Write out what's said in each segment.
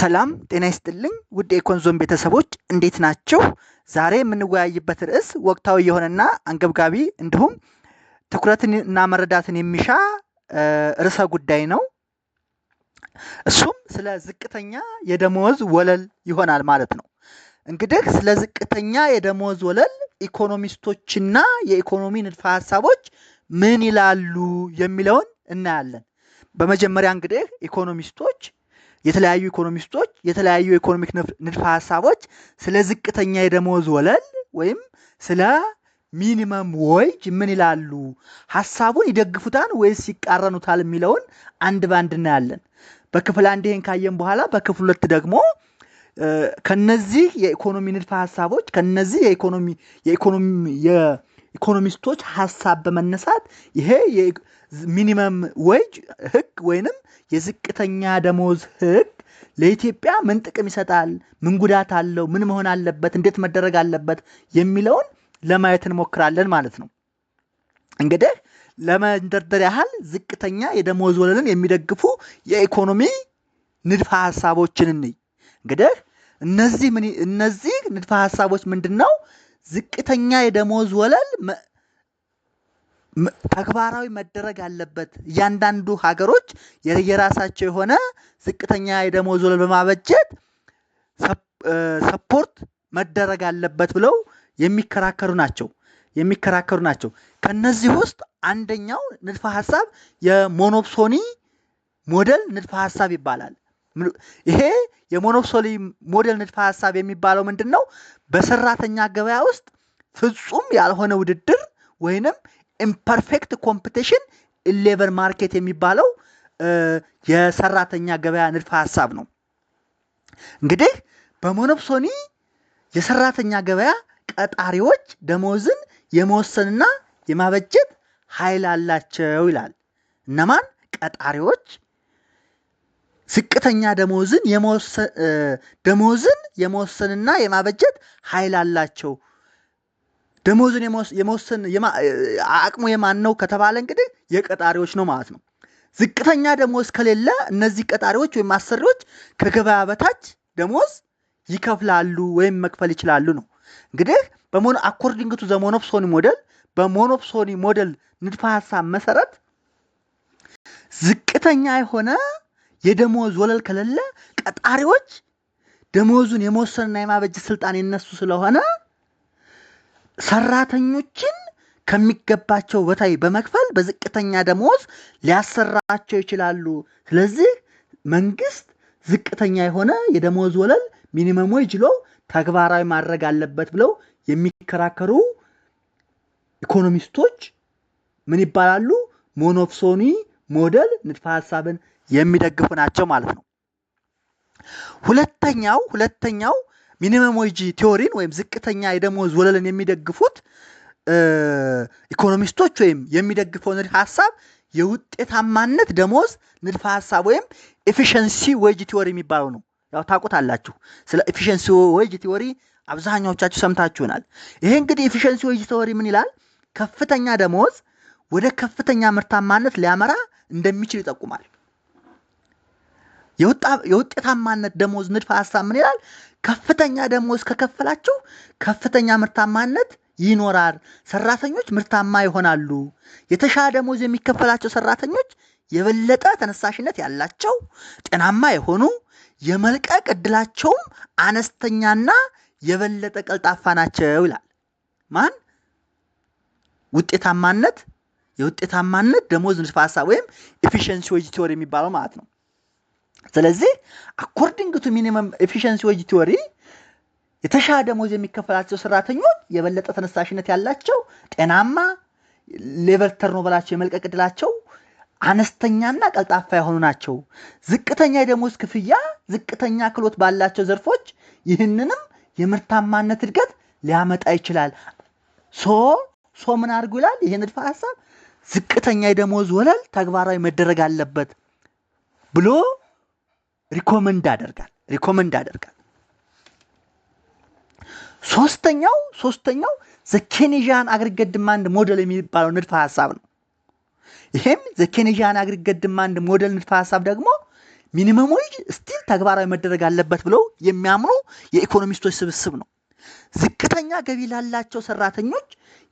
ሰላም ጤና ይስጥልኝ ውድ የኮንዞም ቤተሰቦች እንዴት ናቸው? ዛሬ የምንወያይበት ርዕስ ወቅታዊ የሆነና አንገብጋቢ እንዲሁም ትኩረትን እና መረዳትን የሚሻ ርዕሰ ጉዳይ ነው። እሱም ስለ ዝቅተኛ የደመወዝ ወለል ይሆናል ማለት ነው። እንግዲህ ስለ ዝቅተኛ የደመወዝ ወለል ኢኮኖሚስቶችና የኢኮኖሚ ንድፈ ሀሳቦች ምን ይላሉ የሚለውን እናያለን። በመጀመሪያ እንግዲህ ኢኮኖሚስቶች የተለያዩ ኢኮኖሚስቶች የተለያዩ የኢኮኖሚክ ንድፈ ሀሳቦች ስለ ዝቅተኛ የደመወዝ ወለል ወይም ስለ ሚኒመም ወይጅ ምን ይላሉ? ሀሳቡን ይደግፉታል ወይስ ይቃረኑታል? የሚለውን አንድ ባንድ እናያለን። በክፍል አንድ ይህን ካየን በኋላ በክፍል ሁለት ደግሞ ከነዚህ የኢኮኖሚ ንድፈ ሀሳቦች ከነዚህ የኢኮኖሚ ኢኮኖሚስቶች ሀሳብ በመነሳት ይሄ ሚኒመም ወጅ ህግ ወይንም የዝቅተኛ ደሞዝ ህግ ለኢትዮጵያ ምን ጥቅም ይሰጣል፣ ምን ጉዳት አለው፣ ምን መሆን አለበት፣ እንዴት መደረግ አለበት የሚለውን ለማየት እንሞክራለን ማለት ነው። እንግዲህ ለመንደርደር ያህል ዝቅተኛ የደሞዝ ወለልን የሚደግፉ የኢኮኖሚ ንድፈ ሀሳቦችን እንይ። እንግዲህ እነዚህ እነዚህ ንድፈ ሀሳቦች ምንድን ነው? ዝቅተኛ የደሞዝ ወለል ተግባራዊ መደረግ አለበት። እያንዳንዱ ሀገሮች የራሳቸው የሆነ ዝቅተኛ የደሞዝ ወለል በማበጀት ሰፖርት መደረግ አለበት ብለው የሚከራከሩ ናቸው የሚከራከሩ ናቸው። ከነዚህ ውስጥ አንደኛው ንድፈ ሀሳብ የሞኖፕሶኒ ሞዴል ንድፈ ሀሳብ ይባላል። ይሄ የሞኖፖሊ ሞዴል ንድፈ ሀሳብ የሚባለው ምንድን ነው? በሰራተኛ ገበያ ውስጥ ፍጹም ያልሆነ ውድድር ወይንም ኢምፐርፌክት ኮምፒቲሽን ኢሌቨር ማርኬት የሚባለው የሰራተኛ ገበያ ንድፈ ሀሳብ ነው። እንግዲህ በሞኖፕሶኒ የሰራተኛ ገበያ ቀጣሪዎች ደሞዝን የመወሰንና የማበጀት ኃይል አላቸው ይላል። እነማን ቀጣሪዎች ዝቅተኛ ደሞዝን ደሞዝን የመወሰንና የማበጀት ኃይል አላቸው። ደሞዝን የመወሰን አቅሙ የማን ነው ከተባለ እንግዲህ የቀጣሪዎች ነው ማለት ነው። ዝቅተኛ ደሞዝ ከሌለ እነዚህ ቀጣሪዎች ወይም አሰሪዎች ከገበያ በታች ደሞዝ ይከፍላሉ ወይም መክፈል ይችላሉ ነው። እንግዲህ በሞኖ አኮርዲንግቱ ቱ ዘ በሞኖፕሶኒ ሞዴል ንድፈ ሀሳብ መሰረት ዝቅተኛ የሆነ የደሞዝ ወለል ከሌለ ቀጣሪዎች ደሞዙን የመወሰንና የማበጀት ስልጣን የነሱ ስለሆነ ሰራተኞችን ከሚገባቸው በታይ በመክፈል በዝቅተኛ ደሞዝ ሊያሰራቸው ይችላሉ። ስለዚህ መንግስት ዝቅተኛ የሆነ የደሞዝ ወለል ሚኒመም ዌጅ ተግባራዊ ማድረግ አለበት ብለው የሚከራከሩ ኢኮኖሚስቶች ምን ይባላሉ? ሞኖፍሶኒ ሞዴል ንድፈ ሀሳብን የሚደግፉ ናቸው ማለት ነው። ሁለተኛው ሁለተኛው ሚኒመም ወጂ ቲዮሪን ወይም ዝቅተኛ የደሞዝ ወለልን የሚደግፉት ኢኮኖሚስቶች ወይም የሚደግፈው ንድፈ ሀሳብ የውጤታማነት ደሞዝ ንድፈ ሀሳብ ወይም ኤፊሽንሲ ወጅ ቲዎሪ የሚባለው ነው። ያው አላችሁ ስለ ኤፊሽንሲ ዌጅ ቲዎሪ አብዛኛዎቻችሁ ሰምታችሁናል። ይሄ እንግዲህ ኤፊሽንሲ ዌጅ ቲዎሪ ምን ይላል? ከፍተኛ ደሞዝ ወደ ከፍተኛ ምርታማነት ሊያመራ እንደሚችል ይጠቁማል። የውጤታማነት ደሞዝ ንድፈ ሀሳብ ምን ይላል? ከፍተኛ ደሞዝ ከከፈላችሁ ከፍተኛ ምርታማነት ይኖራል፣ ሰራተኞች ምርታማ ይሆናሉ። የተሻለ ደሞዝ የሚከፈላቸው ሰራተኞች የበለጠ ተነሳሽነት ያላቸው፣ ጤናማ የሆኑ፣ የመልቀቅ እድላቸውም አነስተኛና የበለጠ ቀልጣፋ ናቸው ይላል። ማን ውጤታማነት የውጤታማነት ደሞዝ ንድፈ ሀሳብ ወይም ኤፊሽንሲ ወጅ ቲዎሪ የሚባለው ማለት ነው። ስለዚህ አኮርዲንግ ቱ ሚኒመም ኤፊሽንሲ ወጅ ቲዎሪ የተሻለ ደሞዝ የሚከፈላቸው ሰራተኞች የበለጠ ተነሳሽነት ያላቸው ጤናማ ሌቨል በላቸው የመልቀቅ ዕድላቸው አነስተኛና ቀልጣፋ የሆኑ ናቸው። ዝቅተኛ የደሞዝ ክፍያ ዝቅተኛ ክሎት ባላቸው ዘርፎች ይህንንም የምርታማነት እድገት ሊያመጣ ይችላል። ሶ ሶ ምን አድርጉ ይላል ይህ እድፈ ሀሳብ ዝቅተኛ የደሞዝ ወለል ተግባራዊ መደረግ አለበት ብሎ ሪኮመንድ አደርጋል ሪኮመንድ አደርጋል። ሶስተኛው ሶስተኛው ዘኬኔዥያን አግሪጌት ዲማንድ ሞዴል የሚባለው ንድፈ ሀሳብ ነው። ይሄም ዘኬኔዥያን አግሪጌት ዲማንድ ሞዴል ንድፈ ሀሳብ ደግሞ ሚኒመም ዌጅ ስቲል ተግባራዊ መደረግ አለበት ብለው የሚያምኑ የኢኮኖሚስቶች ስብስብ ነው። ዝቅተኛ ገቢ ላላቸው ሰራተኞች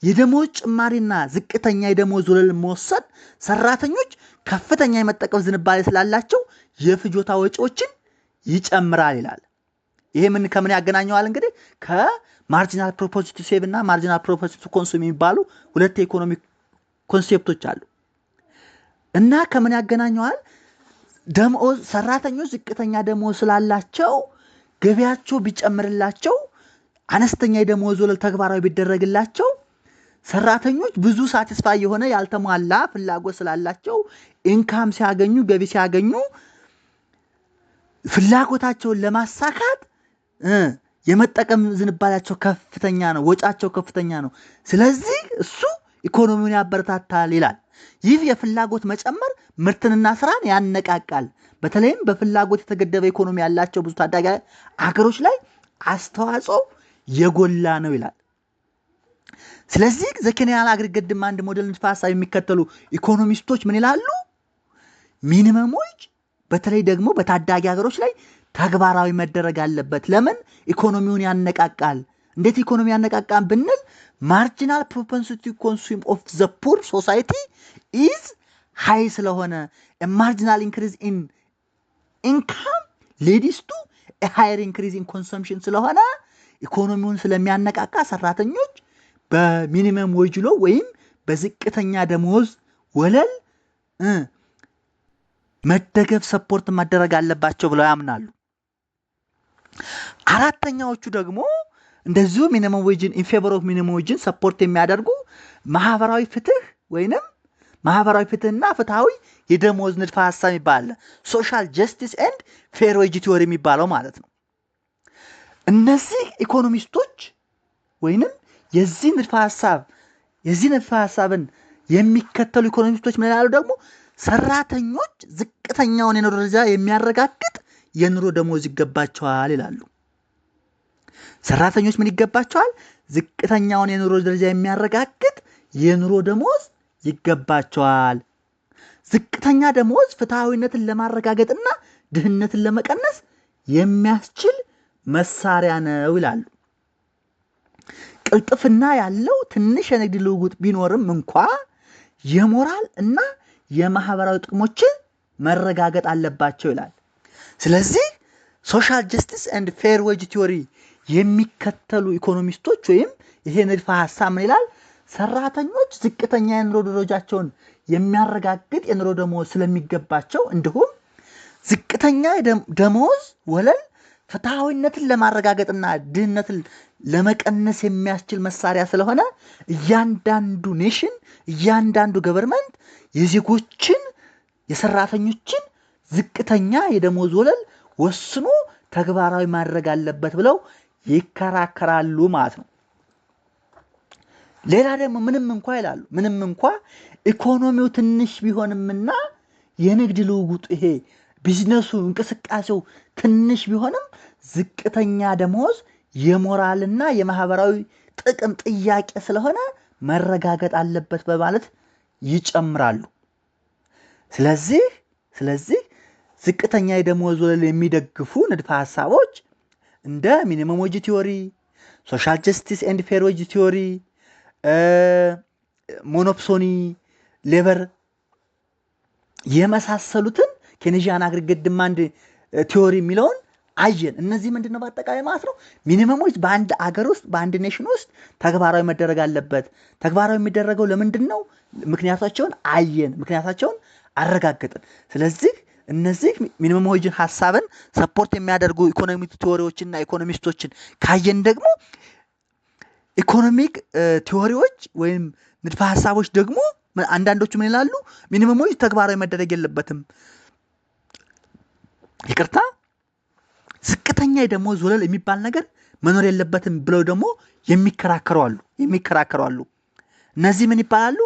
የደሞዝ ጭማሪና ዝቅተኛ የደሞዝ ወለል መወሰን ሰራተኞች ከፍተኛ የመጠቀም ዝንባሌ ስላላቸው የፍጆታ ወጪዎችን ይጨምራል ይላል። ይሄ ምን ከምን ያገናኘዋል? እንግዲህ ከማርጂናል ፕሮፖዚቲ ሴቭ እና ማርጂናል ፕሮፖዚቲ ኮንሱም የሚባሉ ሁለት የኢኮኖሚ ኮንሴፕቶች አሉ እና ከምን ያገናኘዋል? ደሞዝ ሰራተኞች ዝቅተኛ ደሞዝ ስላላቸው ገቢያቸው ቢጨምርላቸው አነስተኛ የደሞዝ ወለል ተግባራዊ ቢደረግላቸው ሰራተኞች ብዙ ሳቲስፋይ የሆነ ያልተሟላ ፍላጎት ስላላቸው ኢንካም ሲያገኙ ገቢ ሲያገኙ ፍላጎታቸውን ለማሳካት የመጠቀም ዝንባላቸው ከፍተኛ ነው፣ ወጫቸው ከፍተኛ ነው። ስለዚህ እሱ ኢኮኖሚውን ያበረታታል ይላል። ይህ የፍላጎት መጨመር ምርትንና ስራን ያነቃቃል። በተለይም በፍላጎት የተገደበ ኢኮኖሚ ያላቸው ብዙ ታዳጊ አገሮች ላይ አስተዋጽኦ የጎላ ነው ይላል። ስለዚህ ዘኬንያል አግሪጌት ዲማንድ ሞዴልን ንድፈ ሀሳብ የሚከተሉ ኢኮኖሚስቶች ምን ይላሉ? ሚኒመሞች በተለይ ደግሞ በታዳጊ ሀገሮች ላይ ተግባራዊ መደረግ አለበት። ለምን? ኢኮኖሚውን ያነቃቃል። እንዴት ኢኮኖሚ ያነቃቃል ብንል ማርጂናል ፕሮፐንሲቲ ኮንሱም ኦፍ ዘ ፑር ሶሳይቲ ኢዝ ሃይ ስለሆነ ማርጂናል ኢንክሪዝ ኢን ኢንካም ሌዲስቱ ቱ ሃየር ኢንክሪዝ ኢን ኮንሰምሽን ስለሆነ ኢኮኖሚውን ስለሚያነቃቃ ሰራተኞች በሚኒመም ወጅሎ ወይም በዝቅተኛ ደመወዝ ወለል መደገፍ ሰፖርት መደረግ አለባቸው ብለው ያምናሉ። አራተኛዎቹ ደግሞ እንደዚሁ ሚኒመም ወጅን ኢንፌቨር ኦፍ ሚኒመም ወጅን ሰፖርት የሚያደርጉ ማህበራዊ ፍትህ ወይንም ማህበራዊ ፍትህና ፍትሐዊ የደሞዝ ንድፈ ሀሳብ ይባላል። ሶሻል ጀስቲስ ኤንድ ፌር ወጅ ቲዎሪ የሚባለው ማለት ነው። እነዚህ ኢኮኖሚስቶች ወይንም የዚህ ንድፈ ሀሳብ የዚህ ንድፈ ሀሳብን የሚከተሉ ኢኮኖሚስቶች ምን ይላሉ ደግሞ ሰራተኞች ዝቅተኛውን የኑሮ ደረጃ የሚያረጋግጥ የኑሮ ደሞዝ ይገባቸዋል ይላሉ። ሰራተኞች ምን ይገባቸዋል? ዝቅተኛውን የኑሮ ደረጃ የሚያረጋግጥ የኑሮ ደሞዝ ይገባቸዋል። ዝቅተኛ ደሞዝ ፍትሐዊነትን ለማረጋገጥና ድህነትን ለመቀነስ የሚያስችል መሳሪያ ነው ይላሉ። ቅልጥፍና ያለው ትንሽ የንግድ ልውውጥ ቢኖርም እንኳ የሞራል እና የማህበራዊ ጥቅሞችን መረጋገጥ አለባቸው ይላል። ስለዚህ ሶሻል ጀስቲስ ኤንድ ፌር ዌጅ ቲዎሪ የሚከተሉ ኢኮኖሚስቶች ወይም ይሄ ንድፈ ሀሳብ ምን ይላል? ሰራተኞች ዝቅተኛ የኑሮ ደረጃቸውን የሚያረጋግጥ የኑሮ ደሞዝ ስለሚገባቸው እንዲሁም ዝቅተኛ ደሞዝ ወለል ፍትሐዊነትን ለማረጋገጥና ድህነትን ለመቀነስ የሚያስችል መሳሪያ ስለሆነ እያንዳንዱ ኔሽን እያንዳንዱ ገቨርመንት የዜጎችን የሰራተኞችን ዝቅተኛ የደሞዝ ወለል ወስኖ ተግባራዊ ማድረግ አለበት ብለው ይከራከራሉ ማለት ነው። ሌላ ደግሞ ምንም እንኳ ይላሉ፣ ምንም እንኳ ኢኮኖሚው ትንሽ ቢሆንምና የንግድ ልውውጡ ይሄ ቢዝነሱ እንቅስቃሴው ትንሽ ቢሆንም ዝቅተኛ ደመወዝ የሞራልና የማህበራዊ ጥቅም ጥያቄ ስለሆነ መረጋገጥ አለበት በማለት ይጨምራሉ። ስለዚህ ስለዚህ ዝቅተኛ የደመወዝ ወለል የሚደግፉ ንድፈ ሀሳቦች እንደ ሚኒመም ወጅ ቲዮሪ፣ ሶሻል ጀስቲስ ኤንድ ፌር ወጅ ቲዮሪ፣ ሞኖፕሶኒ፣ ሌበር የመሳሰሉትን ኬኔዥያን አግሪጌት ዲማንድ ቲዮሪ የሚለውን አየን። እነዚህ ምንድን ነው በአጠቃላይ ማለት ነው ሚኒመሞች በአንድ አገር ውስጥ በአንድ ኔሽን ውስጥ ተግባራዊ መደረግ አለበት። ተግባራዊ የሚደረገው ለምንድን ነው? ምክንያታቸውን አየን፣ ምክንያታቸውን አረጋገጥን። ስለዚህ እነዚህ ሚኒመም ሀሳብን ሰፖርት የሚያደርጉ ኢኮኖሚ ቲዎሪዎችና ኢኮኖሚስቶችን ካየን ደግሞ ኢኮኖሚክ ቲዎሪዎች ወይም ንድፈ ሀሳቦች ደግሞ አንዳንዶቹ ምን ይላሉ? ሚኒመሞች ተግባራዊ መደረግ የለበትም ይቅርታ ዝቅተኛ የደሞዝ ወለል የሚባል ነገር መኖር የለበትም ብለው ደግሞ የሚከራከሩ አሉ እነዚህ ምን ይባላሉ?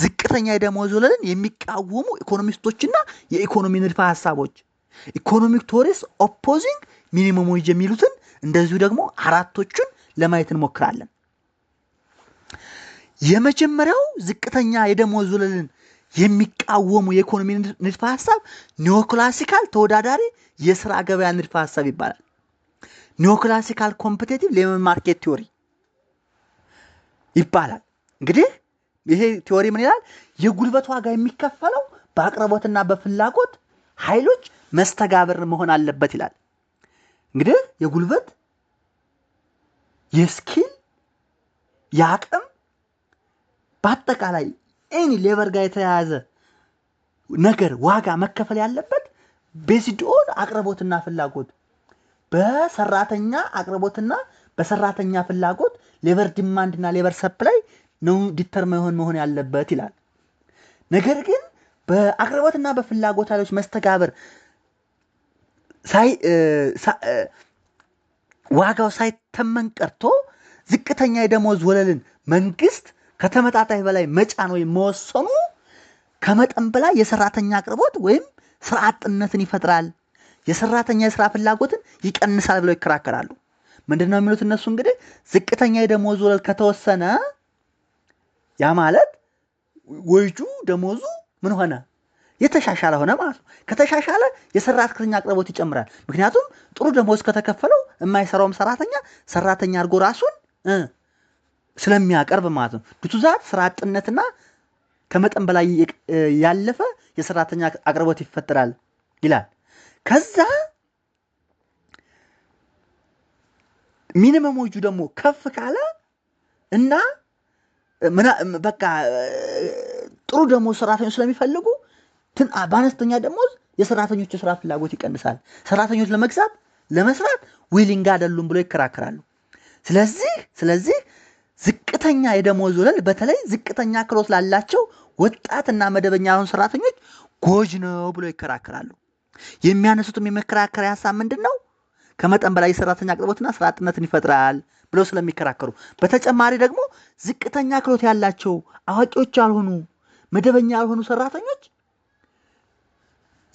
ዝቅተኛ የደሞዝ ወለልን የሚቃወሙ ኢኮኖሚስቶችና የኢኮኖሚ ንድፈ ሀሳቦች ኢኮኖሚክ ቶሪስ ኦፖዚንግ ሚኒመም የሚሉትን እንደዚሁ ደግሞ አራቶቹን ለማየት እንሞክራለን። የመጀመሪያው ዝቅተኛ የደሞዝ ወለልን የሚቃወሙ የኢኮኖሚ ንድፈ ሀሳብ ኒዮክላሲካል ተወዳዳሪ የስራ ገበያ ንድፈ ሀሳብ ይባላል። ኒዮክላሲካል ኮምፒቴቲቭ ሌመን ማርኬት ቲዮሪ ይባላል። እንግዲህ ይሄ ቲዎሪ ምን ይላል? የጉልበት ዋጋ የሚከፈለው በአቅርቦትና በፍላጎት ኃይሎች መስተጋብር መሆን አለበት ይላል። እንግዲህ የጉልበት የስኪል የአቅም በአጠቃላይ ኤኒ ሌበር ጋር የተያያዘ ነገር ዋጋ መከፈል ያለበት ቤዝዶን አቅርቦትና ፍላጎት በሰራተኛ አቅርቦትና በሰራተኛ ፍላጎት ሌበር ዲማንድ እና ሌበር ሰፕላይ ነው ዲተርማ የሆን መሆን ያለበት ይላል። ነገር ግን በአቅርቦትና በፍላጎት ኃይሎች መስተጋበር ዋጋው ሳይተመን ቀርቶ ዝቅተኛ የደሞዝ ወለልን መንግስት ከተመጣጣኝ በላይ መጫን ወይም መወሰኑ ከመጠን በላይ የሰራተኛ አቅርቦት ወይም ስራ አጥነትን ይፈጥራል፣ የሰራተኛ የስራ ፍላጎትን ይቀንሳል ብለው ይከራከራሉ። ምንድን ነው የሚሉት እነሱ እንግዲህ ዝቅተኛ የደሞዝ ወለል ከተወሰነ ያ ማለት ወይጁ ደሞዙ ምን ሆነ? የተሻሻለ ሆነ ማለት ነው። ከተሻሻለ የሰራተኛ አቅርቦት ይጨምራል። ምክንያቱም ጥሩ ደሞዝ ከተከፈለው የማይሰራውም ሰራተኛ ሰራተኛ አድርጎ ራሱን ስለሚያቀርብ ማለት ነው። ግቱዛት ስራ አጥነትና ከመጠን በላይ ያለፈ የሰራተኛ አቅርቦት ይፈጠራል ይላል። ከዛ ሚኒመሞቹ ደግሞ ከፍ ካለ እና በቃ ጥሩ ደግሞ ሰራተኞች ስለሚፈልጉ በአነስተኛ ደግሞ የሰራተኞች ስራ ፍላጎት ይቀንሳል። ሰራተኞች ለመግዛት ለመስራት ዊሊንግ አይደሉም ብሎ ይከራከራሉ። ስለዚህ ስለዚህ ዝቅተኛ የደሞዝ ወለል በተለይ ዝቅተኛ ክህሎት ላላቸው ወጣትና መደበኛ ያልሆኑ ሰራተኞች ጎጅ ነው ብሎ ይከራከራሉ። የሚያነሱትም የመከራከሪያ ሀሳብ ምንድን ነው? ከመጠን በላይ የሰራተኛ አቅርቦትና ስራ አጥነትን ይፈጥራል ብለው ስለሚከራከሩ፣ በተጨማሪ ደግሞ ዝቅተኛ ክሎት ያላቸው አዋቂዎች ያልሆኑ መደበኛ ያልሆኑ ሰራተኞች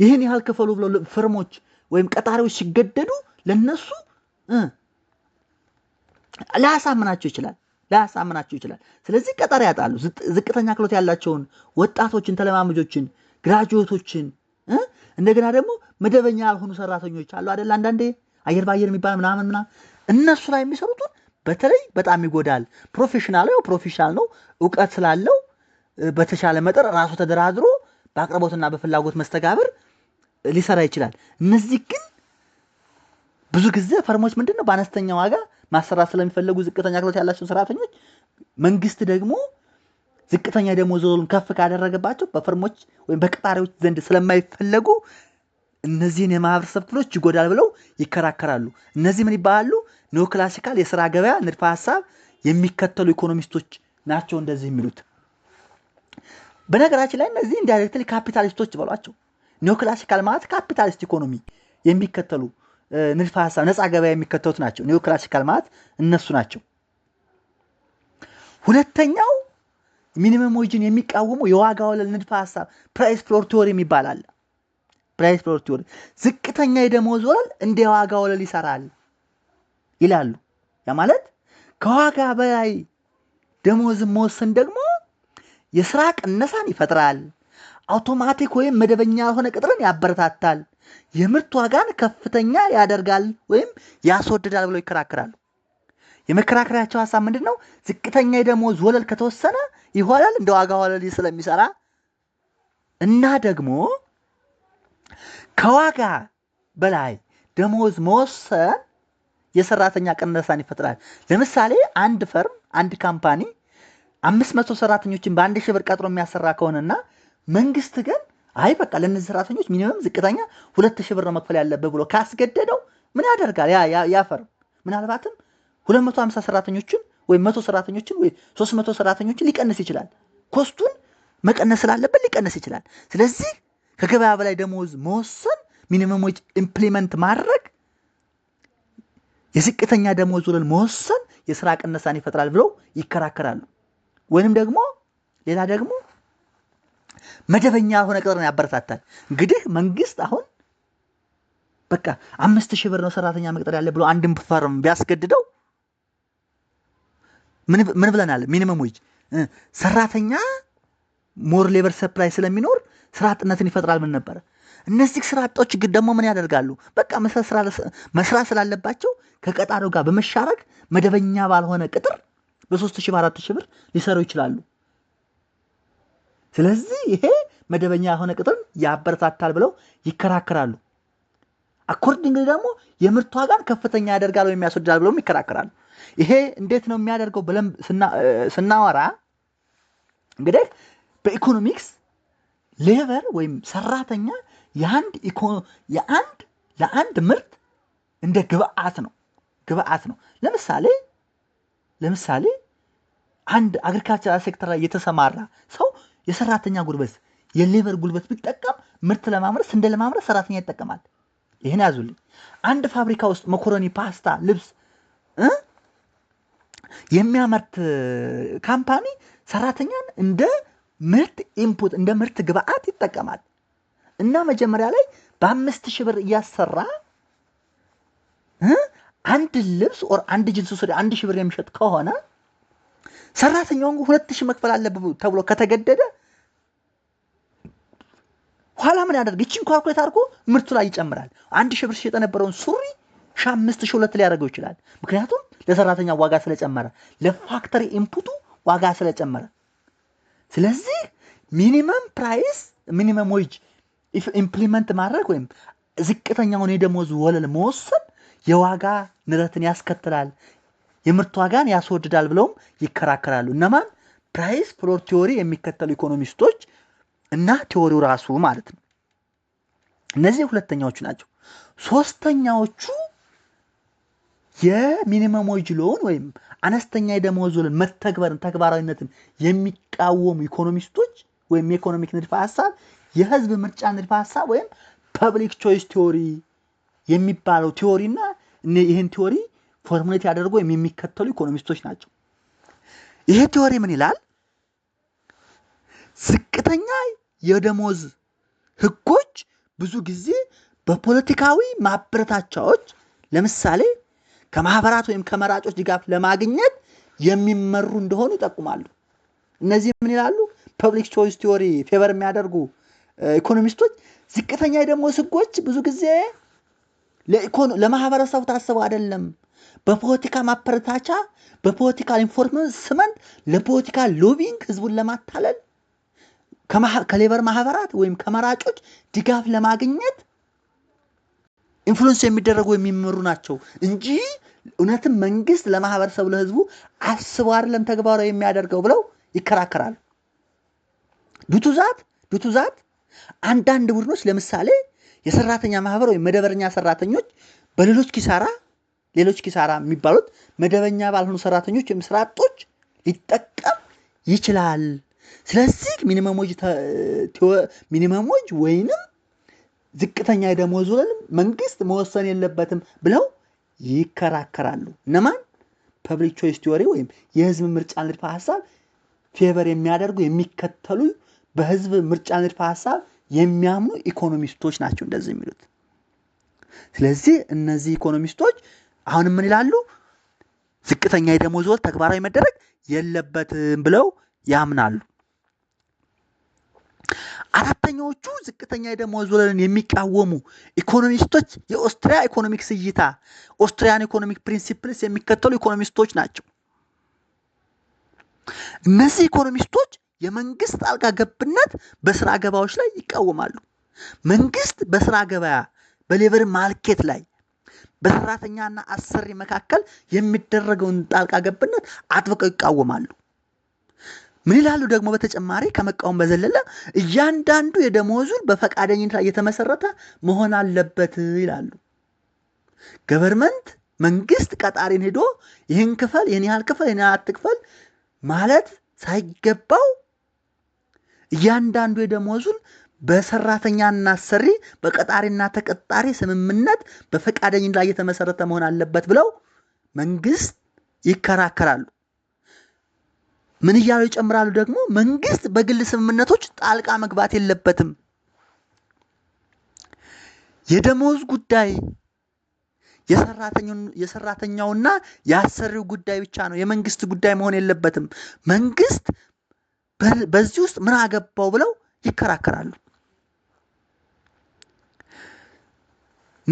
ይህን ያህል ክፈሉ ብለው ፍርሞች ወይም ቀጣሪዎች ሲገደዱ ለነሱ ምናቸው ይችላል። ላያሳምናቸው ይችላል። ስለዚህ ቀጠር ያጣሉ። ዝቅተኛ ክሎት ያላቸውን ወጣቶችን፣ ተለማመጆችን ግራጁዌቶችን እንደገና ደግሞ መደበኛ ያልሆኑ ሰራተኞች አሉ አደለ? አንዳንዴ አየር በአየር የሚባል ምናምን ምና እነሱ ላይ የሚሰሩትን በተለይ በጣም ይጎዳል። ፕሮፌሽናል ያው ፕሮፌሽናል ነው፣ እውቀት ስላለው በተሻለ መጠን ራሱ ተደራድሮ በአቅርቦትና በፍላጎት መስተጋብር ሊሰራ ይችላል። እነዚህ ግን ብዙ ጊዜ ፈርሞች ምንድን ነው በአነስተኛ ዋጋ ማሰራት ስለሚፈለጉ ዝቅተኛ ክሎት ያላቸው ሰራተኞች መንግስት ደግሞ ዝቅተኛ ዞሉን ከፍ ካደረገባቸው በፈርሞች ወይም በቀጣሪዎች ዘንድ ስለማይፈለጉ እነዚህን የማህበረሰብ ክፍሎች ይጎዳል ብለው ይከራከራሉ። እነዚህ ምን ይባላሉ? ክላሲካል የስራ ገበያ ንድፈ ሀሳብ የሚከተሉ ኢኮኖሚስቶች ናቸው እንደዚህ የሚሉት። በነገራችን ላይ እነዚህ ኢንዳይሬክትሊ ካፒታሊስቶች በሏቸው። ኒዮክላሲካል ማለት ካፒታሊስት ኢኮኖሚ የሚከተሉ ንድፈ ሀሳብ ነፃ ገበያ የሚከተሉት ናቸው። ኒዮ ክላሲካል ማለት እነሱ ናቸው። ሁለተኛው ሚኒመም ወጅን የሚቃወሙ የዋጋ ወለል ንድፈ ሀሳብ ፕራይስ ፍሎር ቲዎሪ የሚባል አለ። ፕራይስ ፍሎር ቲዎሪ ዝቅተኛ የደመወዝ ወለል እንደ የዋጋ ወለል ይሰራል ይላሉ። ያ ማለት ከዋጋ በላይ ደሞዝን መወሰን ደግሞ የስራ ቅነሳን ይፈጥራል። አውቶማቲክ ወይም መደበኛ የሆነ ቅጥርን ያበረታታል፣ የምርት ዋጋን ከፍተኛ ያደርጋል ወይም ያስወድዳል ብለው ይከራከራሉ። የመከራከሪያቸው ሀሳብ ምንድን ነው? ዝቅተኛ የደሞዝ ወለል ከተወሰነ ይሆናል እንደ ዋጋ ወለል ስለሚሰራ እና ደግሞ ከዋጋ በላይ ደሞዝ መወሰን የሰራተኛ ቅነሳን ይፈጥራል። ለምሳሌ አንድ ፈርም አንድ ካምፓኒ አምስት መቶ ሰራተኞችን በአንድ ሺህ ብር ቀጥሮ የሚያሰራ ከሆነና መንግስት ግን አይ በቃ ለእነዚህ ሰራተኞች ሚኒመም ዝቅተኛ ሁለት ሺህ ብር ነው መክፈል ያለበት ብሎ ካስገደደው ምን ያደርጋል? ያፈርም። ምናልባትም ሀምሳ ሰራተኞችን ወይም መቶ ሰራተኞችን ወይ መቶ ሰራተኞችን ሊቀንስ ይችላል። ኮስቱን መቀነስ ስላለበት ሊቀንስ ይችላል። ስለዚህ ከገበያ በላይ ደሞዝ መወሰን፣ ሚኒመሞች ኢምፕሊመንት ማድረግ፣ የዝቅተኛ ደሞዝ ውልን መወሰን የስራ ቅነሳን ይፈጥራል ብለው ይከራከራሉ። ወይንም ደግሞ ሌላ ደግሞ መደበኛ ያልሆነ ቅጥርን ያበረታታል። እንግዲህ መንግስት አሁን በቃ አምስት ሺህ ብር ነው ሰራተኛ መቅጠር ያለ ብሎ አንድም ፈርም ቢያስገድደው ምን ብለናል? ሚኒመም ዌጅ ሰራተኛ ሞር ሌበር ሰፕላይ ስለሚኖር ስራ አጥነትን ይፈጥራል። ምን ነበረ እነዚህ ስራ አጦች ግን ደግሞ ምን ያደርጋሉ? በቃ መስራት ስላለባቸው ከቀጣሪው ጋር በመሻረግ መደበኛ ባልሆነ ቅጥር በሶስት ሺህ በአራት ሺህ ብር ሊሰሩ ይችላሉ። ስለዚህ ይሄ መደበኛ የሆነ ቅጥርን ያበረታታል ብለው ይከራከራሉ። አኮርዲንግ ደግሞ የምርት ዋጋን ከፍተኛ ያደርጋል ወይም ያስወድዳል ብለውም ይከራከራሉ። ይሄ እንዴት ነው የሚያደርገው ብለን ስናወራ እንግዲህ በኢኮኖሚክስ ሌበር ወይም ሰራተኛ የአንድ የአንድ ለአንድ ምርት እንደ ግብአት ነው ግብአት ነው። ለምሳሌ ለምሳሌ አንድ አግሪካልቸር ሴክተር ላይ የተሰማራ ሰው የሰራተኛ ጉልበት የሌበር ጉልበት ቢጠቀም ምርት ለማምረት ስንዴ ለማምረት ሰራተኛ ይጠቀማል። ይህን ያዙልኝ። አንድ ፋብሪካ ውስጥ መኮረኒ፣ ፓስታ፣ ልብስ የሚያመርት ካምፓኒ ሰራተኛን እንደ ምርት ኢንፑት እንደ ምርት ግብአት ይጠቀማል እና መጀመሪያ ላይ በአምስት ሺህ ብር እያሰራ አንድ ልብስ ኦር አንድ ጅንስ ሱሪ አንድ ሺህ ብር የሚሸጥ ከሆነ ሰራተኛውን ሁለት ሺህ መክፈል አለብህ ተብሎ ከተገደደ ኋላ ምን ያደርግ ይችን ኳልኩሌት አድርጎ ምርቱ ላይ ይጨምራል። አንድ ሺህ ብር ሲሸጥ የነበረውን ሱሪ ሺ አምስት ሺህ ሁለት ሊያደርገው ይችላል። ምክንያቱም ለሰራተኛ ዋጋ ስለጨመረ፣ ለፋክተሪ ኢንፑቱ ዋጋ ስለጨመረ። ስለዚህ ሚኒመም ፕራይስ ሚኒመም ዌጅ ኢምፕሊመንት ማድረግ ወይም ዝቅተኛውን የደሞዝ ወለል መወሰን የዋጋ ንረትን ያስከትላል፣ የምርት ዋጋን ያስወድዳል ብለውም ይከራከራሉ። እነማን ፕራይስ ፍሎር ቲዎሪ የሚከተሉ ኢኮኖሚስቶች እና ቲዎሪው ራሱ ማለት ነው። እነዚህ ሁለተኛዎቹ ናቸው። ሶስተኛዎቹ የሚኒመም ወጅ ሎውን ወይም አነስተኛ የደመወዝ ውልን መተግበርን ተግባራዊነትን የሚቃወሙ ኢኮኖሚስቶች ወይም የኢኮኖሚክ ንድፈ ሀሳብ የህዝብ ምርጫ ንድፈ ሀሳብ ወይም ፐብሊክ ቾይስ ቲዎሪ የሚባለው ቲዎሪና ይህን ቲዎሪ ፎርሙሌት ያደርጉ ወይም የሚከተሉ ኢኮኖሚስቶች ናቸው። ይሄ ቲዎሪ ምን ይላል? ዝቅተኛ የደሞዝ ህጎች ብዙ ጊዜ በፖለቲካዊ ማበረታቻዎች ለምሳሌ ከማህበራት ወይም ከመራጮች ድጋፍ ለማግኘት የሚመሩ እንደሆኑ ይጠቁማሉ። እነዚህ ምን ይላሉ? ፐብሊክ ቾይስ ቲዎሪ ፌቨር የሚያደርጉ ኢኮኖሚስቶች ዝቅተኛ የደሞዝ ህጎች ብዙ ጊዜ ለማህበረሰቡ ታስበው አይደለም በፖለቲካ ማበረታቻ በፖለቲካል ኢንፎርመንስ ስመን ለፖለቲካ ሎቢንግ ህዝቡን ለማታለል ከሌበር ማህበራት ወይም ከመራጮች ድጋፍ ለማግኘት ኢንፍሉንስ የሚደረጉ የሚመሩ ናቸው እንጂ እውነትም መንግስት ለማህበረሰቡ ለህዝቡ አስቦ አይደለም ተግባራዊ የሚያደርገው ብለው ይከራከራል። ዱቱዛት ዱቱዛት አንዳንድ ቡድኖች ለምሳሌ የሰራተኛ ማህበር ወይም መደበረኛ ሰራተኞች በሌሎች ኪሳራ ሌሎች ኪሳራ የሚባሉት መደበኛ ባልሆኑ ሰራተኞች ወይም ስራ አጦች ሊጠቀም ይችላል ስለዚህ ሚኒመም ወጅ ወይንም ዝቅተኛ ደሞዝ መንግስት መወሰን የለበትም ብለው ይከራከራሉ። እነማን? ፐብሊክ ቾይስ ቲዎሪ ወይም የህዝብ ምርጫ ንድፈ ሀሳብ ፌቨር የሚያደርጉ የሚከተሉ በህዝብ ምርጫ ንድፈ ሀሳብ የሚያምኑ ኢኮኖሚስቶች ናቸው እንደዚህ የሚሉት። ስለዚህ እነዚህ ኢኮኖሚስቶች አሁን ምን ይላሉ? ዝቅተኛ የደሞዝ ተግባራዊ መደረግ የለበትም ብለው ያምናሉ። አራተኛዎቹ ዝቅተኛ የደሞዝ ወለልን የሚቃወሙ ኢኮኖሚስቶች የኦስትሪያ ኢኮኖሚክስ እይታ ኦስትሪያን ኢኮኖሚክ ፕሪንሲፕልስ የሚከተሉ ኢኮኖሚስቶች ናቸው። እነዚህ ኢኮኖሚስቶች የመንግስት ጣልቃ ገብነት በስራ ገበያዎች ላይ ይቃወማሉ። መንግስት በስራ ገበያ በሌበር ማርኬት ላይ በሰራተኛና አሰሪ መካከል የሚደረገውን ጣልቃ ገብነት አጥብቀው ይቃወማሉ። ምን ይላሉ ደግሞ በተጨማሪ ከመቃወም በዘለለ እያንዳንዱ የደሞዙን በፈቃደኝነት ላይ የተመሰረተ መሆን አለበት ይላሉ። ገቨርመንት መንግስት ቀጣሪን ሄዶ ይህን ክፈል፣ ይህን ያህል ክፈል፣ ይህን ያህል አትክፈል ማለት ሳይገባው እያንዳንዱ የደሞዙን በሰራተኛና ሰሪ በቀጣሪና ተቀጣሪ ስምምነት በፈቃደኝነት ላይ የተመሰረተ መሆን አለበት ብለው መንግስት ይከራከራሉ። ምን እያሉ ይጨምራሉ ደግሞ መንግስት በግል ስምምነቶች ጣልቃ መግባት የለበትም። የደሞዝ ጉዳይ የሰራተኛውና የአሰሪው ጉዳይ ብቻ ነው፣ የመንግስት ጉዳይ መሆን የለበትም። መንግስት በዚህ ውስጥ ምን አገባው ብለው ይከራከራሉ።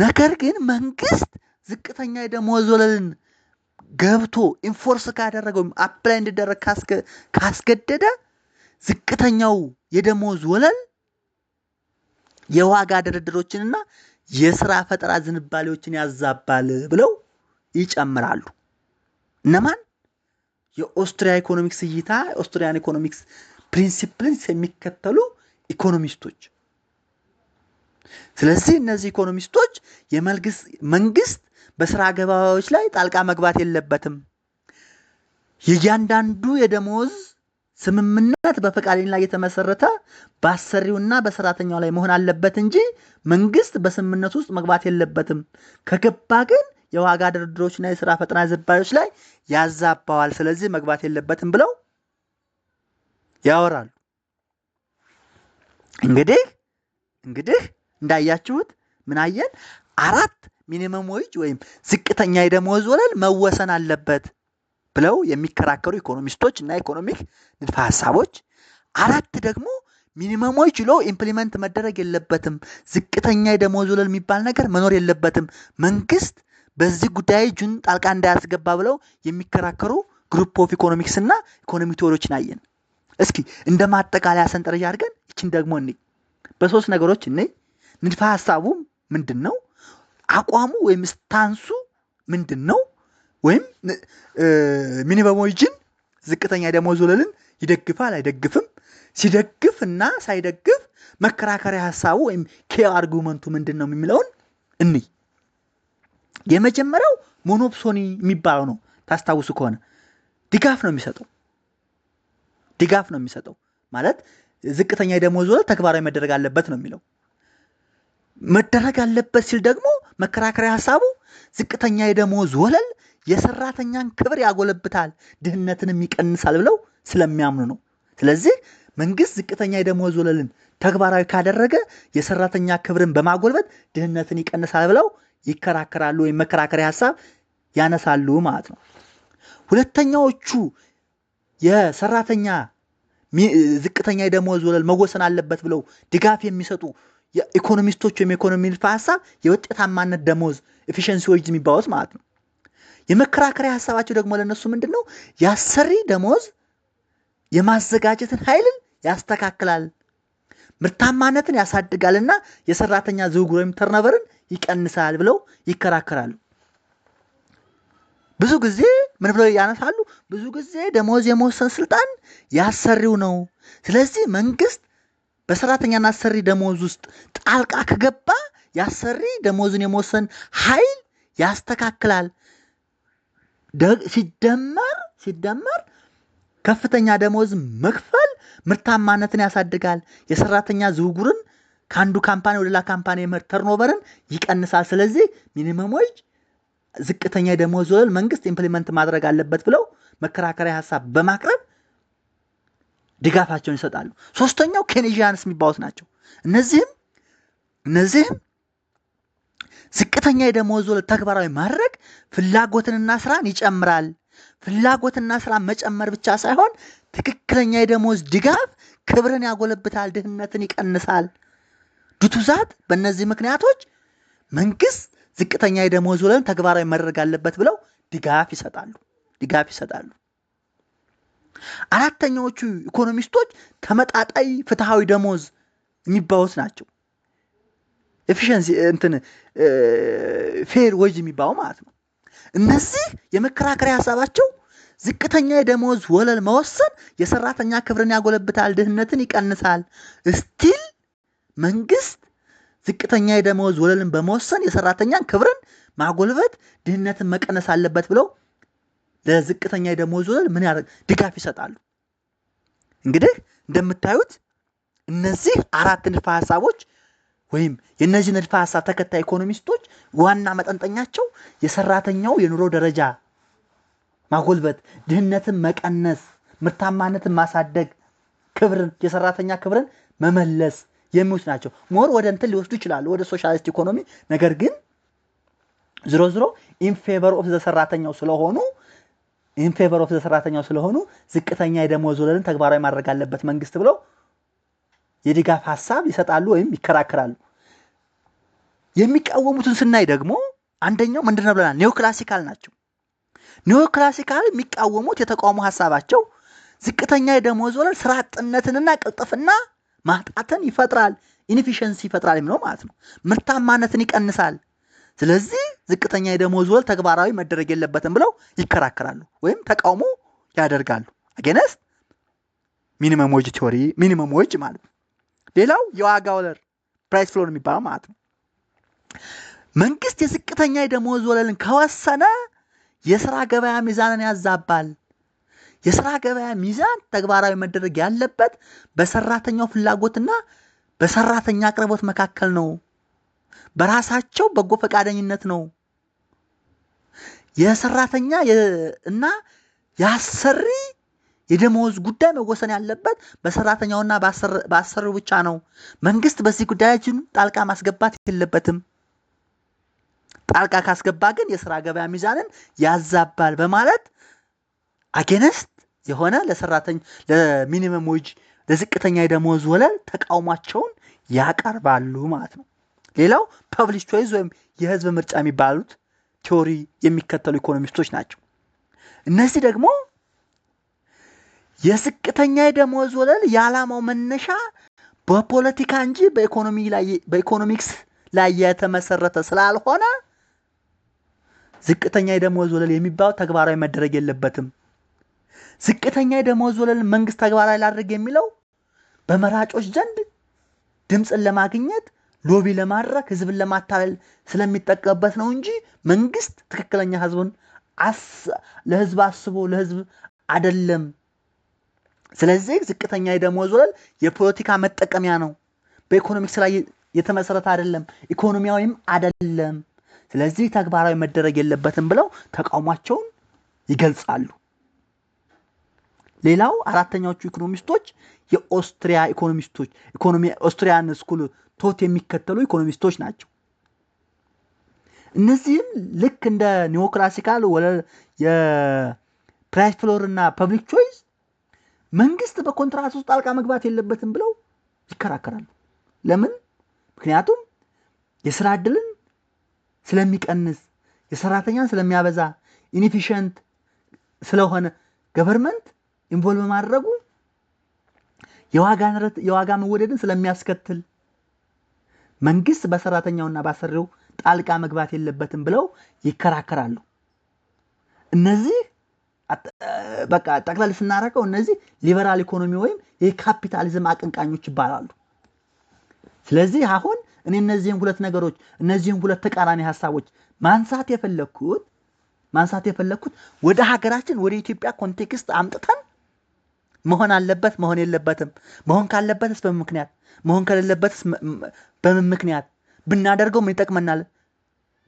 ነገር ግን መንግስት ዝቅተኛ የደሞዝ ወለልን ገብቶ ኢንፎርስ ካደረገ ወይም አፕላይ እንዲደረግ ካስገደደ ዝቅተኛው የደሞዝ ወለል የዋጋ ድርድሮችንና የስራ ፈጠራ ዝንባሌዎችን ያዛባል ብለው ይጨምራሉ። እነማን? የኦስትሪያ ኢኮኖሚክስ እይታ የኦስትሪያን ኢኮኖሚክስ ፕሪንሲፕልስ የሚከተሉ ኢኮኖሚስቶች። ስለዚህ እነዚህ ኢኮኖሚስቶች የመንግስት በስራ ገበያዎች ላይ ጣልቃ መግባት የለበትም። የእያንዳንዱ የደሞዝ ስምምነት በፈቃደኝ ላይ የተመሰረተ በአሰሪውና በሰራተኛው ላይ መሆን አለበት እንጂ መንግስት በስምምነት ውስጥ መግባት የለበትም። ከገባ ግን የዋጋ ድርድሮችና የስራ ፈጠና ዝባዮች ላይ ያዛባዋል። ስለዚህ መግባት የለበትም ብለው ያወራሉ። እንግዲህ እንግዲህ እንዳያችሁት ምን አየን አራት ሚኒመም ወጅ ወይም ዝቅተኛ የደመወዝ ወለል መወሰን አለበት ብለው የሚከራከሩ ኢኮኖሚስቶች እና ኢኮኖሚክ ንድፈ ሀሳቦች፣ አራት ደግሞ ሚኒመም ወጅ ሎ ኢምፕሊመንት መደረግ የለበትም፣ ዝቅተኛ የደመወዝ ወለል የሚባል ነገር መኖር የለበትም፣ መንግስት በዚህ ጉዳይ እጁን ጣልቃ እንዳያስገባ ብለው የሚከራከሩ ግሩፕ ኦፍ ኢኮኖሚክስ እና ኢኮኖሚክ ቲዎሪዎችን አየን። እስኪ እንደ ማጠቃለያ ሰንጠረዥ አድርገን ይችን ደግሞ እኔ በሶስት ነገሮች እኔ ንድፈ ሀሳቡ ምንድን ነው? አቋሙ ወይም ስታንሱ ምንድን ነው? ወይም ሚኒመም ዝቅተኛ ደመወዝ ወለልን ይደግፋል አይደግፍም? ሲደግፍ እና ሳይደግፍ መከራከሪያ ሀሳቡ ወይም ኬ አርጉመንቱ ምንድን ነው የሚለውን እንይ። የመጀመሪያው ሞኖፕሶኒ የሚባለው ነው። ታስታውሱ ከሆነ ድጋፍ ነው የሚሰጠው ድጋፍ ነው የሚሰጠው ማለት ዝቅተኛ የደመወዝ ወለል ተግባራዊ መደረግ አለበት ነው የሚለው። መደረግ አለበት ሲል ደግሞ መከራከሪያ ሀሳቡ ዝቅተኛ የደሞዝ ወለል የሰራተኛን ክብር ያጎለብታል፣ ድህነትንም ይቀንሳል ብለው ስለሚያምኑ ነው። ስለዚህ መንግስት ዝቅተኛ የደሞዝ ወለልን ተግባራዊ ካደረገ የሰራተኛ ክብርን በማጎልበት ድህነትን ይቀንሳል ብለው ይከራከራሉ ወይም መከራከሪያ ሀሳብ ያነሳሉ ማለት ነው። ሁለተኛዎቹ የሰራተኛ ዝቅተኛ የደሞዝ ወለል መወሰን አለበት ብለው ድጋፍ የሚሰጡ የኢኮኖሚስቶች ወይም የኢኮኖሚ ንድፈ ሀሳብ የውጤታማነት ደሞዝ ኤፊሽንሲ ወጅ የሚባሉት ማለት ነው። የመከራከሪያ ሀሳባቸው ደግሞ ለእነሱ ምንድን ነው? የአሰሪ ደሞዝ የማዘጋጀትን ኃይልን ያስተካክላል፣ ምርታማነትን ያሳድጋልና የሰራተኛ ዝውውር ወይም ተርነቨርን ይቀንሳል ብለው ይከራከራሉ። ብዙ ጊዜ ምን ብለው ያነሳሉ? ብዙ ጊዜ ደሞዝ የመወሰን ስልጣን ያሰሪው ነው። ስለዚህ መንግስት በሰራተኛና አሰሪ ደሞዝ ውስጥ ጣልቃ ከገባ የአሰሪ ደሞዝን የመወሰን ኃይል ያስተካክላል። ሲደመር ሲደመር ከፍተኛ ደሞዝ መክፈል ምርታማነትን ያሳድጋል። የሰራተኛ ዝውውርን ከአንዱ ካምፓኒ ወደ ሌላ ካምፓኒ ምርት ተርኖቨርን ይቀንሳል። ስለዚህ ሚኒመሞች ዝቅተኛ የደሞዝ ወለል መንግስት ኢምፕሊመንት ማድረግ አለበት ብለው መከራከሪያ ሀሳብ በማቅረብ ድጋፋቸውን ይሰጣሉ። ሶስተኛው ኬኔዥያንስ የሚባሉት ናቸው። እነዚህም እነዚህም ዝቅተኛ የደመወዝ ወለል ተግባራዊ ማድረግ ፍላጎትንና ስራን ይጨምራል። ፍላጎትና ስራን መጨመር ብቻ ሳይሆን ትክክለኛ የደመወዝ ድጋፍ ክብርን ያጎለብታል፣ ድህነትን ይቀንሳል። ዱቱዛት በእነዚህ ምክንያቶች መንግስት ዝቅተኛ የደመወዝ ወለልን ተግባራዊ ማድረግ አለበት ብለው ድጋፍ ይሰጣሉ ድጋፍ ይሰጣሉ። አራተኛዎቹ ኢኮኖሚስቶች ተመጣጣይ ፍትሐዊ ደሞዝ የሚባሉት ናቸው። ኤፊሽንሲ እንትን ፌር ወጅ የሚባው ማለት ነው። እነዚህ የመከራከሪያ ሀሳባቸው ዝቅተኛ የደሞዝ ወለል መወሰን የሰራተኛ ክብርን ያጎለብታል፣ ድህነትን ይቀንሳል። እስቲል መንግስት ዝቅተኛ የደመወዝ ወለልን በመወሰን የሰራተኛን ክብርን ማጎልበት ድህነትን መቀነስ አለበት ብለው ለዝቅተኛ የደሞዝ ወለል ምን ያደርግ ድጋፍ ይሰጣሉ። እንግዲህ እንደምታዩት እነዚህ አራት ንድፈ ሀሳቦች ወይም የእነዚህ ንድፈ ሀሳብ ተከታይ ኢኮኖሚስቶች ዋና መጠንጠኛቸው የሰራተኛው የኑሮ ደረጃ ማጎልበት፣ ድህነትን መቀነስ፣ ምርታማነትን ማሳደግ፣ ክብርን የሰራተኛ ክብርን መመለስ የሚሉት ናቸው። ሞር ወደ እንትን ሊወስዱ ይችላሉ፣ ወደ ሶሻሊስት ኢኮኖሚ። ነገር ግን ዝሮ ዝሮ ኢንፌቨር ኦፍ ዘሰራተኛው ስለሆኑ ኢንፌቨር ኦፍ ሰራተኛው ስለሆኑ ዝቅተኛ የደሞዝ ወለልን ተግባራዊ ማድረግ አለበት መንግስት ብለው የድጋፍ ሀሳብ ይሰጣሉ ወይም ይከራከራሉ። የሚቃወሙትን ስናይ ደግሞ አንደኛው ምንድን ነው ብለናል? ኒዮክላሲካል ናቸው። ኒዮክላሲካል የሚቃወሙት የተቃውሞ ሀሳባቸው ዝቅተኛ የደሞዝ ወለል ስራ አጥነትንና ቅልጥፍና ማጣትን ይፈጥራል፣ ኢንፊሸንሲ ይፈጥራል የሚለው ማለት ነው። ምርታማነትን ይቀንሳል፣ ስለዚህ ዝቅተኛ የደሞዝ ወለል ተግባራዊ መደረግ የለበትም ብለው ይከራከራሉ ወይም ተቃውሞ ያደርጋሉ። አገነስ ሚኒመም ወጅ ቲዎሪ ሚኒመም ወጅ ማለት ነው። ሌላው የዋጋ ወለር ፕራይስ ፍሎር የሚባለው ማለት ነው። መንግስት የዝቅተኛ የደሞዝ ወለልን ከወሰነ የስራ ገበያ ሚዛንን ያዛባል። የስራ ገበያ ሚዛን ተግባራዊ መደረግ ያለበት በሰራተኛው ፍላጎትና በሰራተኛ አቅርቦት መካከል ነው በራሳቸው በጎ ፈቃደኝነት ነው። የሰራተኛ እና የአሰሪ የደመወዝ ጉዳይ መወሰን ያለበት በሰራተኛውና በአሰሪው ብቻ ነው። መንግስት በዚህ ጉዳያችን ጣልቃ ማስገባት የለበትም። ጣልቃ ካስገባ ግን የስራ ገበያ ሚዛንን ያዛባል በማለት አጌነስት የሆነ ለሰራተኛ ለሚኒመም ወጅ ለዝቅተኛ የደመወዝ ወለል ተቃውሟቸውን ያቀርባሉ ማለት ነው። ሌላው ፐብሊክ ቾይስ ወይም የህዝብ ምርጫ የሚባሉት ቲዎሪ የሚከተሉ ኢኮኖሚስቶች ናቸው። እነዚህ ደግሞ የዝቅተኛ የደሞዝ ወለል የዓላማው መነሻ በፖለቲካ እንጂ በኢኮኖሚክስ ላይ የተመሰረተ ስላልሆነ ዝቅተኛ የደሞዝ ወለል የሚባለው ተግባራዊ መደረግ የለበትም። ዝቅተኛ የደሞዝ ወለል መንግስት ተግባራዊ ላድርግ የሚለው በመራጮች ዘንድ ድምፅን ለማግኘት ሎቢ ለማድረግ ህዝብን ለማታለል ስለሚጠቀምበት ነው እንጂ መንግስት ትክክለኛ ህዝቡን ለህዝብ አስቦ ለህዝብ አደለም። ስለዚህ ዝቅተኛ የደሞዝ ወለል የፖለቲካ መጠቀሚያ ነው። በኢኮኖሚክስ ላይ የተመሰረተ አይደለም፣ ኢኮኖሚያዊም አይደለም። ስለዚህ ተግባራዊ መደረግ የለበትም ብለው ተቃውሟቸውን ይገልጻሉ። ሌላው አራተኛዎቹ ኢኮኖሚስቶች የኦስትሪያ ኢኮኖሚስቶች ኦስትሪያን ስኩል ቶት የሚከተሉ ኢኮኖሚስቶች ናቸው። እነዚህም ልክ እንደ ኒዮክላሲካል ወለል የፕራይስ ፍሎር እና ፐብሊክ ቾይስ መንግስት በኮንትራት ውስጥ አልቃ መግባት የለበትም ብለው ይከራከራሉ። ለምን? ምክንያቱም የስራ እድልን ስለሚቀንስ፣ የሰራተኛን ስለሚያበዛ፣ ኢኒፊሽንት ስለሆነ ገቨርመንት ኢንቮልቭ ማድረጉ የዋጋ መወደድን ስለሚያስከትል መንግስት በሰራተኛውና ባሰሪው ጣልቃ መግባት የለበትም ብለው ይከራከራሉ። እነዚህ በቃ ጠቅላላ ስናረቀው እነዚህ ሊበራል ኢኮኖሚ ወይም የካፒታሊዝም አቀንቃኞች ይባላሉ። ስለዚህ አሁን እኔ እነዚህን ሁለት ነገሮች እነዚህን ሁለት ተቃራኒ ሀሳቦች ማንሳት የፈለግኩት ማንሳት የፈለግኩት ወደ ሀገራችን ወደ ኢትዮጵያ ኮንቴክስት አምጥተን መሆን አለበት መሆን የለበትም፣ መሆን ካለበትስ በምን ምክንያት፣ መሆን ከሌለበትስ በምን ምክንያት፣ ብናደርገው ምን ይጠቅመናል፣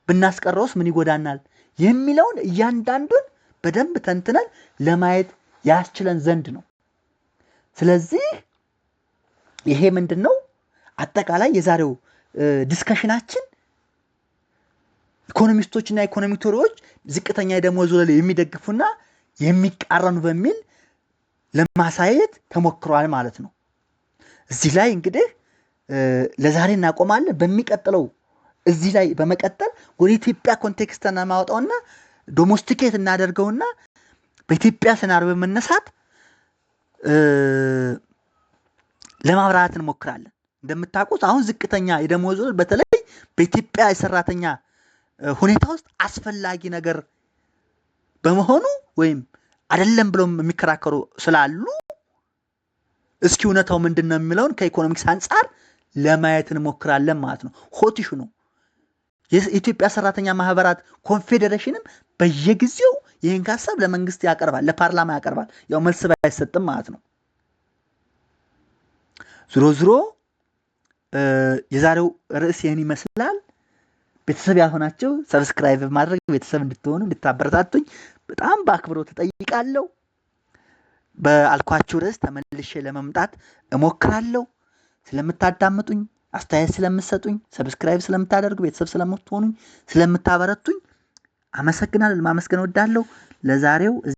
ብናስቀረውስ ምን ይጎዳናል የሚለውን እያንዳንዱን በደንብ ተንትነን ለማየት ያስችለን ዘንድ ነው። ስለዚህ ይሄ ምንድን ነው አጠቃላይ የዛሬው ዲስከሽናችን ኢኮኖሚስቶችና ኢኮኖሚ ቶሪዎች ዝቅተኛ የደሞዝ ወለል የሚደግፉና የሚቃረኑ በሚል ለማሳየት ተሞክሯል ማለት ነው። እዚህ ላይ እንግዲህ ለዛሬ እናቆማለን። በሚቀጥለው እዚህ ላይ በመቀጠል ወደ ኢትዮጵያ ኮንቴክስት እናማወጣውና ዶሞስቲኬት እናደርገውና በኢትዮጵያ ሴናሪዮ በመነሳት ለማብራራት እንሞክራለን። እንደምታውቁት አሁን ዝቅተኛ የደሞዝ በተለይ በኢትዮጵያ የሰራተኛ ሁኔታ ውስጥ አስፈላጊ ነገር በመሆኑ ወይም አይደለም የሚከራከሩ ስላሉ እስኪ እውነታው ምንድን ነው የሚለውን ከኢኮኖሚክስ አንጻር ለማየት እንሞክራለን ማለት ነው። ሆቲሹ ነው። የኢትዮጵያ ሰራተኛ ማህበራት ኮንፌዴሬሽንም በየጊዜው ይህን ሀሳብ ለመንግስት ያቀርባል፣ ለፓርላማ ያቀርባል። ያው መልስ አይሰጥም ማለት ነው። ዝሮ ዝሮ የዛሬው ርዕስ ይህን ይመስላል። ቤተሰብ ያልሆናቸው ሰብስክራይብ ማድረግ ቤተሰብ እንድትሆኑ እንድታበረታቱኝ በጣም በአክብሮት እጠይቃለሁ። በአልኳችሁ ርዕስ ተመልሼ ለመምጣት እሞክራለሁ። ስለምታዳምጡኝ፣ አስተያየት ስለምትሰጡኝ፣ ሰብስክራይብ ስለምታደርጉ፣ ቤተሰብ ስለምትሆኑኝ፣ ስለምታበረቱኝ አመሰግናለሁ። ማመስገን እወዳለሁ። ለዛሬው